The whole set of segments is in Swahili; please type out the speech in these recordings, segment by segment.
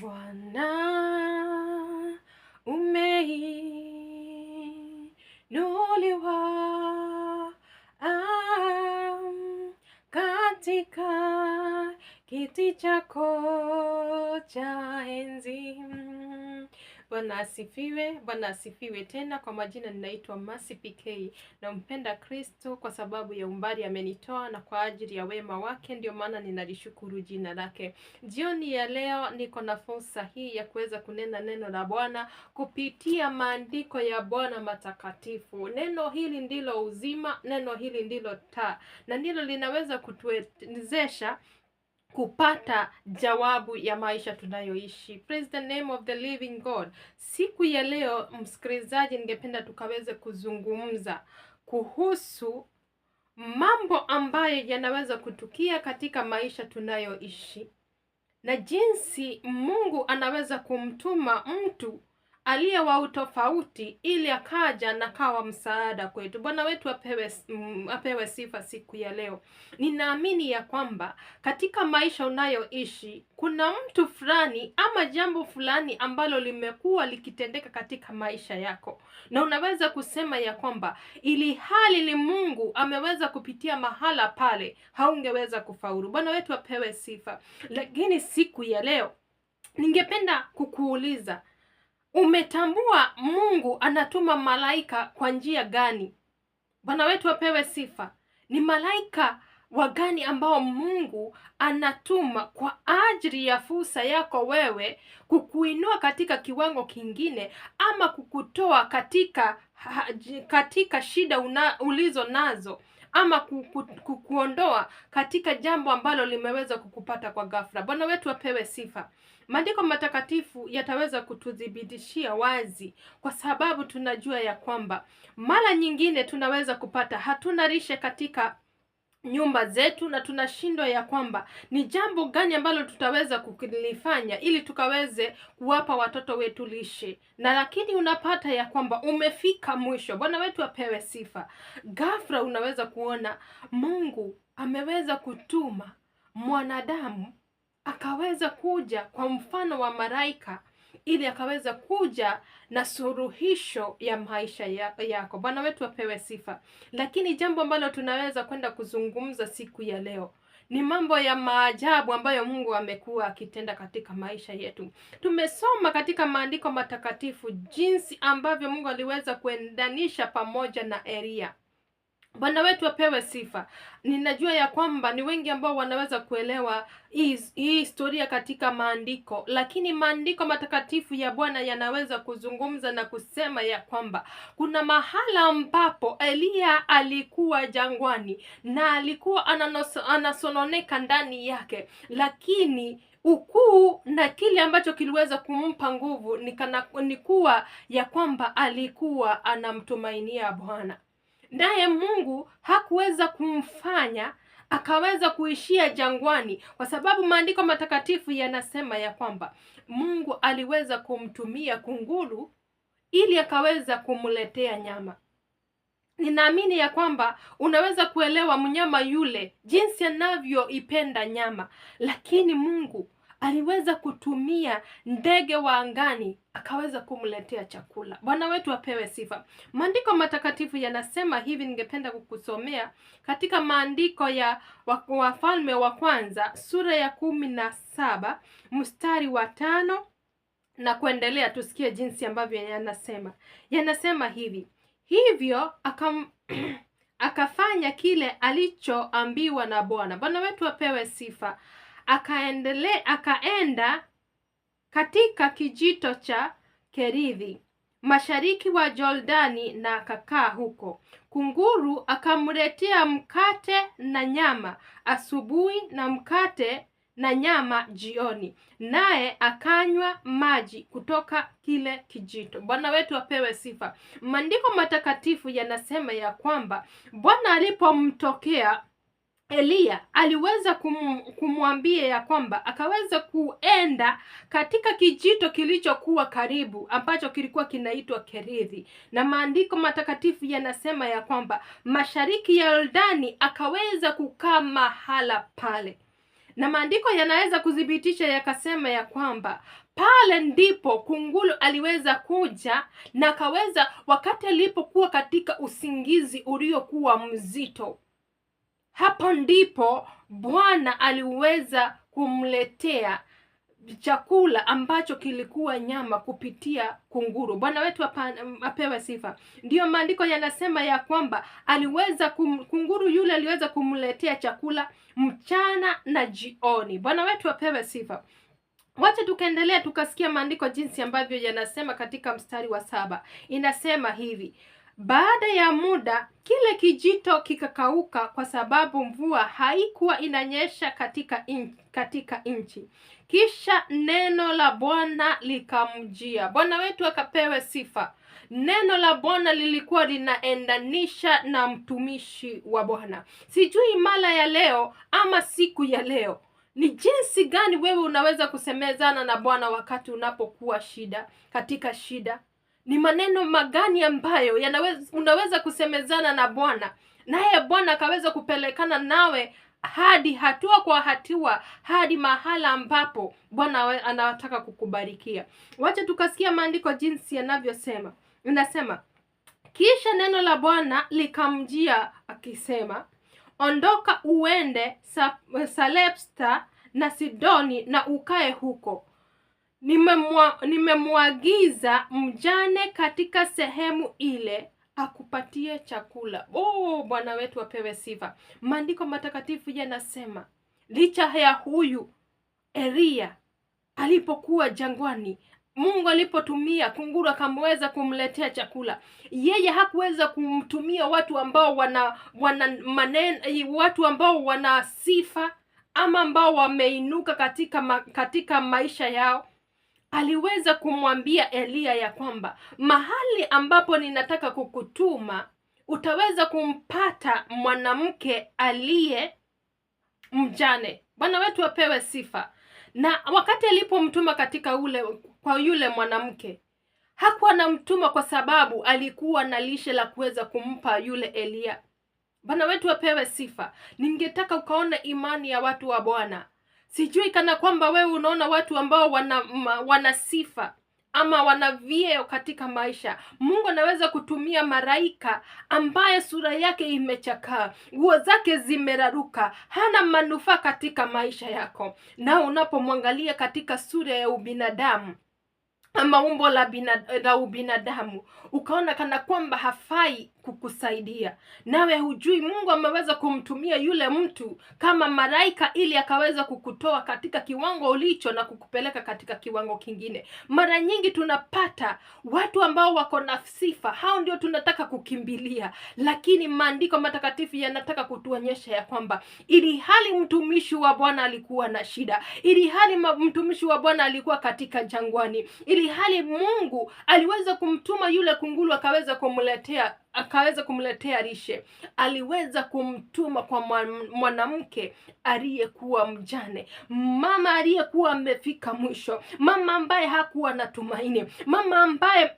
Bwana umeinuliwa um, katika kiti chako cha enzi. Bwana asifiwe, Bwana asifiwe tena. Kwa majina ninaitwa Mercy PK, nampenda Kristo kwa sababu ya umbali amenitoa na kwa ajili ya wema wake, ndio maana ninalishukuru jina lake. Jioni ya leo niko na fursa hii ya kuweza kunena neno la Bwana kupitia maandiko ya Bwana matakatifu. Neno hili ndilo uzima, neno hili ndilo taa na ndilo linaweza kutuwezesha kupata jawabu ya maisha tunayoishi. Praise the name of the living God. Siku ya leo, msikilizaji, ningependa tukaweze kuzungumza kuhusu mambo ambayo yanaweza kutukia katika maisha tunayoishi na jinsi Mungu anaweza kumtuma mtu utofauti, ili akaja na kawa msaada kwetu. Bwana wetu apewe, mm, apewe sifa siku ya leo. Ninaamini ya kwamba katika maisha unayoishi kuna mtu fulani ama jambo fulani ambalo limekuwa likitendeka katika maisha yako, na unaweza kusema ya kwamba ili hali ni Mungu ameweza kupitia mahala pale, haungeweza kufaulu. Bwana wetu apewe sifa. Lakini siku ya leo ningependa kukuuliza Umetambua Mungu anatuma malaika kwa njia gani? Bwana wetu apewe sifa. Ni malaika wa gani ambao Mungu anatuma kwa ajili ya fursa yako wewe, kukuinua katika kiwango kingine ama kukutoa katika katika shida una, ulizo nazo ama kuku, kukuondoa katika jambo ambalo limeweza kukupata kwa ghafla. Bwana wetu apewe sifa. Maandiko matakatifu yataweza kututhibitishia wazi, kwa sababu tunajua ya kwamba mara nyingine tunaweza kupata hatuna lishe katika nyumba zetu na tunashindwa ya kwamba ni jambo gani ambalo tutaweza kulifanya ili tukaweze kuwapa watoto wetu lishe, na lakini unapata ya kwamba umefika mwisho. Bwana wetu apewe sifa. Ghafla unaweza kuona Mungu ameweza kutuma mwanadamu akaweza kuja kwa mfano wa malaika ili akaweza kuja na suluhisho ya maisha yako. Bwana wetu apewe sifa. Lakini jambo ambalo tunaweza kwenda kuzungumza siku ya leo ni mambo ya maajabu ambayo Mungu amekuwa akitenda katika maisha yetu. Tumesoma katika maandiko matakatifu jinsi ambavyo Mungu aliweza kuendanisha pamoja na eria Bwana wetu apewe sifa. Ninajua ya kwamba ni wengi ambao wanaweza kuelewa hii historia katika maandiko, lakini maandiko matakatifu ya Bwana yanaweza kuzungumza na kusema ya kwamba kuna mahala ambapo Eliya alikuwa jangwani na alikuwa anasononeka ndani yake, lakini ukuu na kile ambacho kiliweza kumpa nguvu ni kuwa ya kwamba alikuwa anamtumainia Bwana naye Mungu hakuweza kumfanya akaweza kuishia jangwani, kwa sababu maandiko matakatifu yanasema ya kwamba Mungu aliweza kumtumia kunguru ili akaweza kumletea nyama. Ninaamini ya kwamba unaweza kuelewa mnyama yule jinsi anavyoipenda nyama, lakini Mungu aliweza kutumia ndege wa angani akaweza kumletea chakula. Bwana wetu apewe sifa. Maandiko matakatifu yanasema hivi, ningependa kukusomea katika maandiko ya Wafalme wa Kwanza sura ya kumi na saba mstari wa tano na kuendelea, tusikie jinsi ambavyo yanasema. Yanasema hivi, hivyo akam akafanya kile alichoambiwa na Bwana. Bwana wetu apewe sifa akaendele, akaenda katika kijito cha Kerithi mashariki wa Jordani na akakaa huko. Kunguru akamletea mkate na nyama asubuhi na mkate na nyama jioni, naye akanywa maji kutoka kile kijito. Bwana wetu apewe sifa. Maandiko matakatifu yanasema ya kwamba Bwana alipomtokea Eliya aliweza kumwambia ya kwamba akaweza kuenda katika kijito kilichokuwa karibu ambacho kilikuwa kinaitwa Kerithi, na maandiko matakatifu yanasema ya kwamba mashariki ya Yordani akaweza kukaa mahala pale, na maandiko yanaweza kuthibitisha yakasema ya kwamba pale ndipo kungulu aliweza kuja na akaweza, wakati alipokuwa katika usingizi uliokuwa mzito hapo ndipo Bwana aliweza kumletea chakula ambacho kilikuwa nyama kupitia kunguru. Bwana wetu apewe sifa. Ndiyo maandiko yanasema ya kwamba aliweza kum, kunguru yule aliweza kumletea chakula mchana na jioni. Bwana wetu apewe sifa. Wacha tukaendelea tukasikia maandiko jinsi ambavyo yanasema katika mstari wa saba. Inasema hivi: baada ya muda, kile kijito kikakauka kwa sababu mvua haikuwa inanyesha katika in, katika nchi. Kisha neno la Bwana likamjia. Bwana wetu akapewe sifa. Neno la Bwana lilikuwa linaendanisha na mtumishi wa Bwana. Sijui mala ya leo ama siku ya leo ni jinsi gani wewe unaweza kusemezana na Bwana wakati unapokuwa shida, katika shida, ni maneno magani ambayo yanaweza unaweza kusemezana na Bwana naye Bwana akaweza kupelekana nawe hadi hatua kwa hatua hadi mahala ambapo Bwana anataka kukubarikia. Wacha tukasikia maandiko jinsi yanavyosema. Inasema, kisha neno la Bwana likamjia akisema, ondoka uende salepsta na Sidoni na ukae huko nimemwagiza mjane katika sehemu ile akupatie chakula. Oh, Bwana wetu apewe sifa. Maandiko matakatifu yanasema licha ya huyu eria alipokuwa jangwani, Mungu alipotumia kunguru akamweza kumletea chakula, yeye hakuweza kumtumia watu ambao wana, wana manen, watu ambao wana sifa ama ambao wameinuka katika ma, katika maisha yao, aliweza kumwambia Eliya ya kwamba mahali ambapo ninataka kukutuma utaweza kumpata mwanamke aliye mjane. Bwana wetu apewe sifa. Na wakati alipomtuma katika ule kwa yule mwanamke hakuwa anamtuma kwa sababu alikuwa na lishe la kuweza kumpa yule Eliya. Bwana wetu apewe sifa. Ningetaka ukaona imani ya watu wa Bwana sijui kana kwamba wewe unaona watu ambao wana, wana sifa ama wana vyeo katika maisha. Mungu anaweza kutumia maraika ambaye sura yake imechakaa, nguo zake zimeraruka, hana manufaa katika maisha yako, na unapomwangalia katika sura ya ubinadamu ama umbo la, binad, la ubinadamu ukaona kana kwamba hafai kukusaidia. Nawe hujui Mungu ameweza kumtumia yule mtu kama maraika ili akaweza kukutoa katika kiwango ulicho na kukupeleka katika kiwango kingine. Mara nyingi tunapata watu ambao wako na sifa, hao ndio tunataka kukimbilia, lakini maandiko matakatifu yanataka kutuonyesha ya kwamba ili hali mtumishi wa Bwana alikuwa na shida, ili hali mtumishi wa Bwana alikuwa katika jangwani, ili hali Mungu aliweza kumtuma yule kungulu akaweza kumletea akaweza kumletea lishe. Aliweza kumtuma kwa mwanamke aliyekuwa mjane, mama aliyekuwa amefika mwisho, mama ambaye hakuwa na tumaini, mama ambaye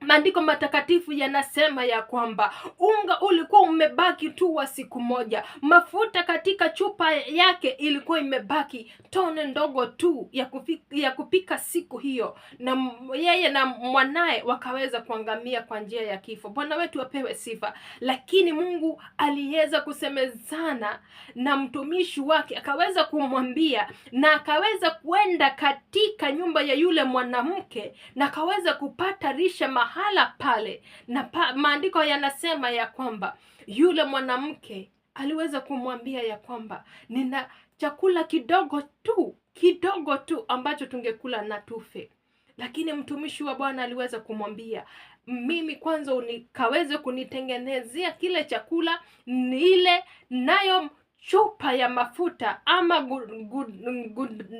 Maandiko matakatifu yanasema ya kwamba unga ulikuwa umebaki tu wa siku moja, mafuta katika chupa yake ilikuwa imebaki tone ndogo tu ya, kufika, ya kupika siku hiyo, na yeye na mwanaye wakaweza kuangamia kwa njia ya kifo. Bwana wetu apewe sifa. Lakini Mungu aliweza kusemezana na mtumishi wake, akaweza kumwambia na akaweza kuenda katika nyumba ya yule mwanamke na akaweza kupata risha ma mahala pale na pa, maandiko yanasema ya kwamba yule mwanamke aliweza kumwambia ya kwamba nina chakula kidogo tu kidogo tu ambacho tungekula na tufe, lakini mtumishi wa Bwana aliweza kumwambia mimi kwanza unikaweze kunitengenezea kile chakula nile, nayo chupa ya mafuta ama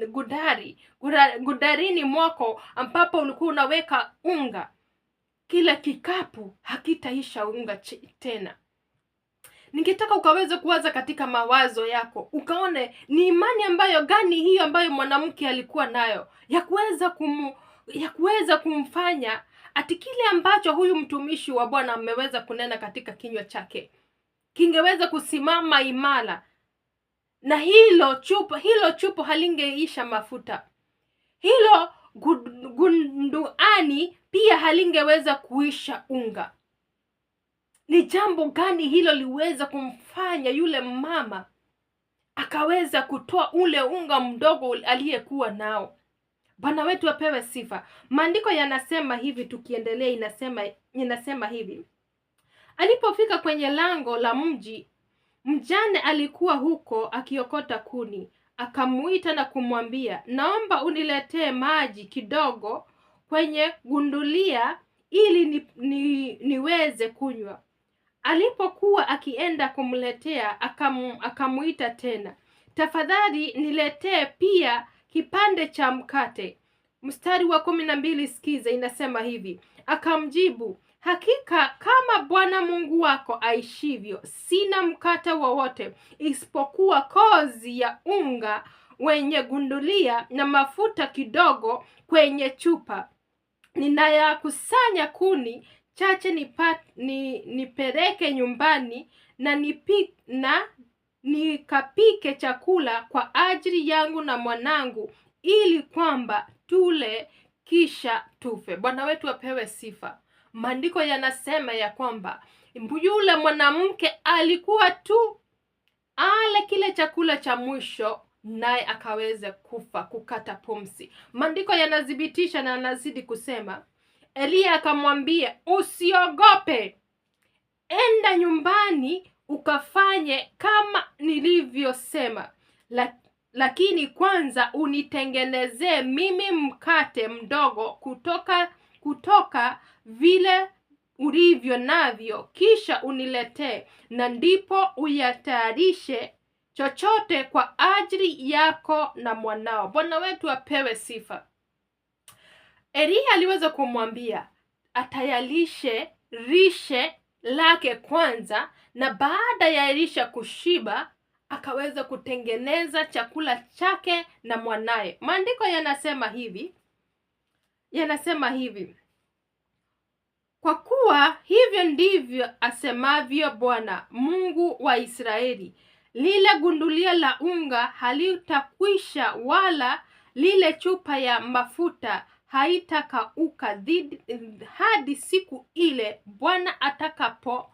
gudari gudarini mwako ambapo ulikuwa unaweka unga kile kikapu hakitaisha unga tena. Ningetaka ukaweze kuwaza katika mawazo yako, ukaone ni imani ambayo gani hiyo ambayo mwanamke alikuwa nayo ya kuweza kumu, ya kuweza kumfanya ati kile ambacho huyu mtumishi wa Bwana ameweza kunena katika kinywa chake kingeweza kusimama imara, na hilo chupa hilo chupa halingeisha mafuta hilo gunduani pia halingeweza kuisha unga. Ni jambo gani hilo liweza kumfanya yule mama akaweza kutoa ule unga mdogo aliyekuwa nao? Bwana wetu apewe sifa. Maandiko yanasema hivi, tukiendelea inasema inasema hivi, alipofika kwenye lango la mji, mjane alikuwa huko akiokota kuni akamuita na kumwambia, naomba uniletee maji kidogo kwenye gundulia ili ni, ni, niweze kunywa. Alipokuwa akienda kumletea akam, akamuita tena, tafadhali niletee pia kipande cha mkate. Mstari wa kumi na mbili sikiza, inasema hivi: akamjibu Hakika kama Bwana Mungu wako aishivyo, sina mkate wowote isipokuwa kozi ya unga wenye gundulia na mafuta kidogo kwenye chupa. Ninayakusanya kuni chache nipa, ni, nipeleke nyumbani na nipi, na nikapike chakula kwa ajili yangu na mwanangu ili kwamba tule kisha tufe. Bwana wetu apewe sifa. Maandiko yanasema ya kwamba yule mwanamke alikuwa tu ale kile chakula cha mwisho naye akaweze kufa kukata pumsi. Maandiko yanathibitisha na yanazidi kusema, Eliya akamwambia usiogope, enda nyumbani ukafanye kama nilivyosema, lakini kwanza unitengenezee mimi mkate mdogo kutoka kutoka vile ulivyo navyo, kisha uniletee, na ndipo uyatayarishe chochote kwa ajili yako na mwanao. Bwana wetu apewe sifa. Eliya aliweza kumwambia atayalishe rishe lake kwanza, na baada ya Elisha kushiba akaweza kutengeneza chakula chake na mwanaye. Maandiko yanasema hivi yanasema hivi: kwa kuwa hivyo ndivyo asemavyo Bwana Mungu wa Israeli, lile gundulia la unga halitakwisha, wala lile chupa ya mafuta haitakauka hadi siku ile Bwana atakapo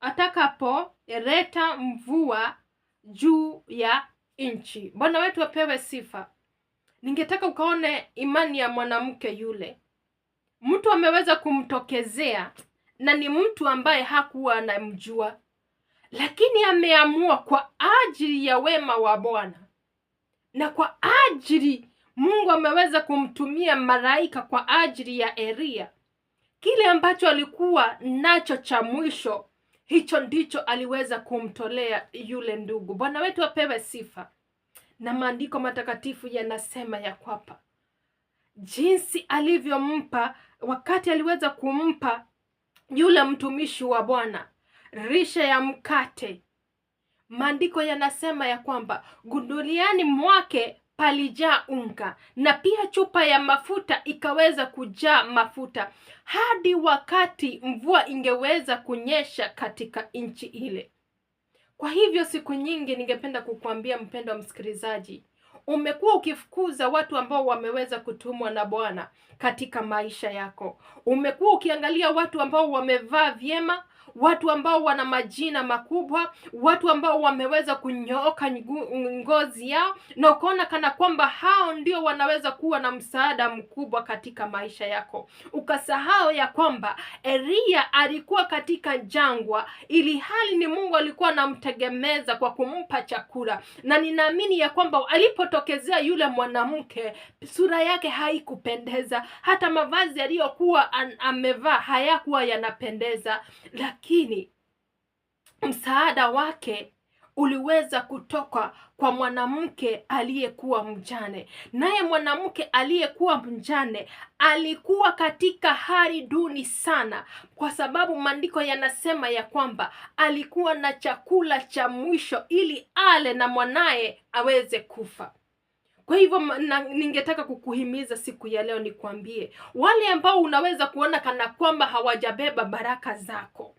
atakapoleta mvua juu ya nchi. Bwana wetu apewe sifa. Ningetaka ukaone imani ya mwanamke yule. Mtu ameweza kumtokezea na ni mtu ambaye hakuwa anamjua, lakini ameamua kwa ajili ya wema wa Bwana na kwa ajili Mungu ameweza kumtumia malaika kwa ajili ya eria Kile ambacho alikuwa nacho cha mwisho, hicho ndicho aliweza kumtolea yule ndugu. Bwana wetu apewe sifa na maandiko matakatifu yanasema ya kwamba jinsi alivyompa wakati aliweza kumpa yule mtumishi wa Bwana risha ya mkate, maandiko yanasema ya kwamba guduliani mwake palijaa unga na pia chupa ya mafuta ikaweza kujaa mafuta hadi wakati mvua ingeweza kunyesha katika nchi ile. Kwa hivyo siku nyingi ningependa kukuambia mpendwa msikilizaji, umekuwa ukifukuza watu ambao wameweza kutumwa na Bwana katika maisha yako. Umekuwa ukiangalia watu ambao wamevaa vyema, watu ambao wana majina makubwa, watu ambao wameweza kunyooka ngozi yao, na ukaona kana kwamba hao ndio wanaweza kuwa na msaada mkubwa katika maisha yako. Ukasahau ya kwamba Elia alikuwa katika jangwa, ili hali ni Mungu alikuwa anamtegemeza kwa kumpa chakula, na ninaamini ya kwamba alipotokezea yule mwanamke, sura yake haikupendeza, hata mavazi aliyokuwa amevaa hayakuwa yanapendeza, lakini lakini msaada wake uliweza kutoka kwa mwanamke aliyekuwa mjane. Naye mwanamke aliyekuwa mjane alikuwa katika hali duni sana, kwa sababu maandiko yanasema ya kwamba alikuwa na chakula cha mwisho ili ale na mwanaye aweze kufa. Kwa hivyo ningetaka kukuhimiza siku ya leo, nikwambie wale ambao unaweza kuona kana kwamba hawajabeba baraka zako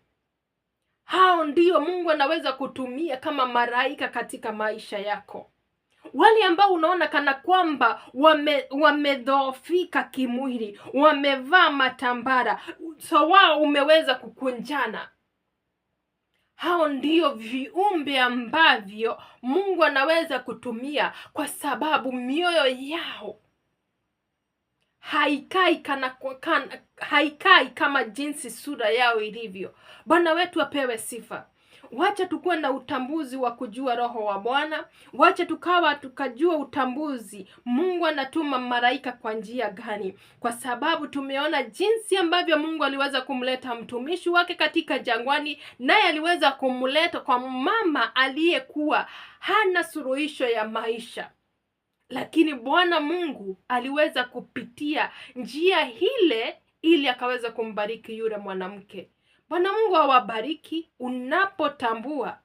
hao ndio Mungu anaweza kutumia kama maraika katika maisha yako. Wale ambao unaona kana kwamba wame, wamedhoofika kimwili, wamevaa matambara, so wao umeweza kukunjana, hao ndio viumbe ambavyo Mungu anaweza kutumia kwa sababu mioyo yao haikai, kana, kana, haikai kama jinsi sura yao ilivyo. Bwana wetu apewe sifa. Wacha tukuwe na utambuzi wa kujua roho wa Bwana. Wacha tukawa tukajua utambuzi, Mungu anatuma malaika kwa njia gani, kwa sababu tumeona jinsi ambavyo Mungu aliweza kumleta mtumishi wake katika jangwani, naye aliweza kumleta kwa mama aliyekuwa hana suluhisho ya maisha lakini Bwana Mungu aliweza kupitia njia ile ili akaweza kumbariki yule mwanamke. Bwana Mungu awabariki unapotambua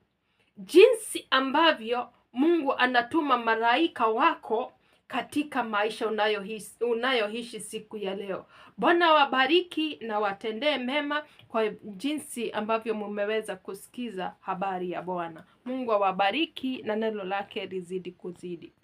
jinsi ambavyo Mungu anatuma malaika wako katika maisha unayohishi unayoishi siku ya leo. Bwana wabariki na watendee mema kwa jinsi ambavyo mumeweza kusikiza habari ya Bwana. Mungu awabariki na neno lake lizidi kuzidi.